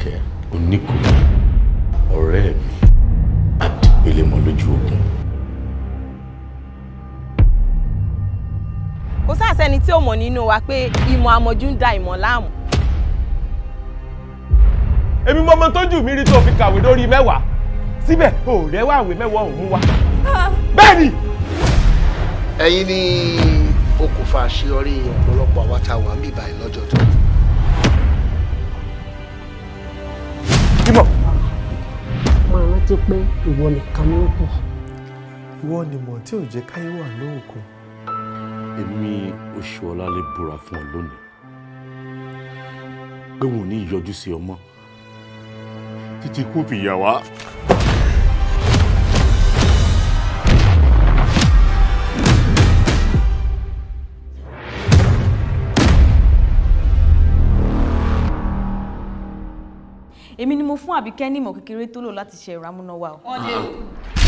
Fọlákẹ́ Oníkòyí ọ̀rẹ́ mi àdìgbélémọ lójú ogun. kò sáàsẹ́ni tí ò mọ̀ nínú wa pé ìmọ̀ àmọ̀jú ń da ìmọ̀ láàmú. èmi mọ ọmọ tó jù mí rí tó fi kàwé lórí mẹ́wàá síbẹ̀ ò rẹ́wà àwẹ̀ mẹ́wàá òun wa. bẹ́ẹ̀ ni. ẹ̀yin ni okùnfà àṣeyọrí ọ̀pọ̀lọpọ̀ àwa tá a wà ń bíbá ẹ lọ́jọ́ tó. rántí pé ìwọ nìkan ló kù. ìwọ ni mọ̀ tí ò jẹ́ káyé wà lóòkùn. èmi Oṣuọlá lè búra fún ọ lónìí pé wọn ò ní yọjú sí ọmọ títí kó fi yà wá. èmi ni mo fún àbíkẹ́ ní ìmọ̀ kékeré tó lò láti ṣe ìrámúná wa o.